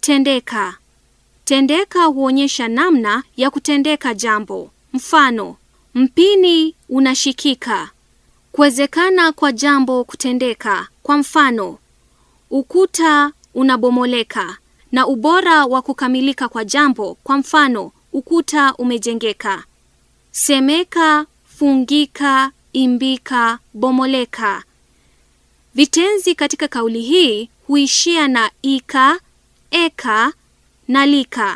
Tendeka. Tendeka huonyesha namna ya kutendeka jambo. Mfano, mpini unashikika. Kuwezekana kwa jambo kutendeka. Kwa mfano, ukuta unabomoleka na ubora wa kukamilika kwa jambo. Kwa mfano, ukuta umejengeka. Semeka, fungika, imbika, bomoleka. Vitenzi katika kauli hii huishia na ika eka na lika.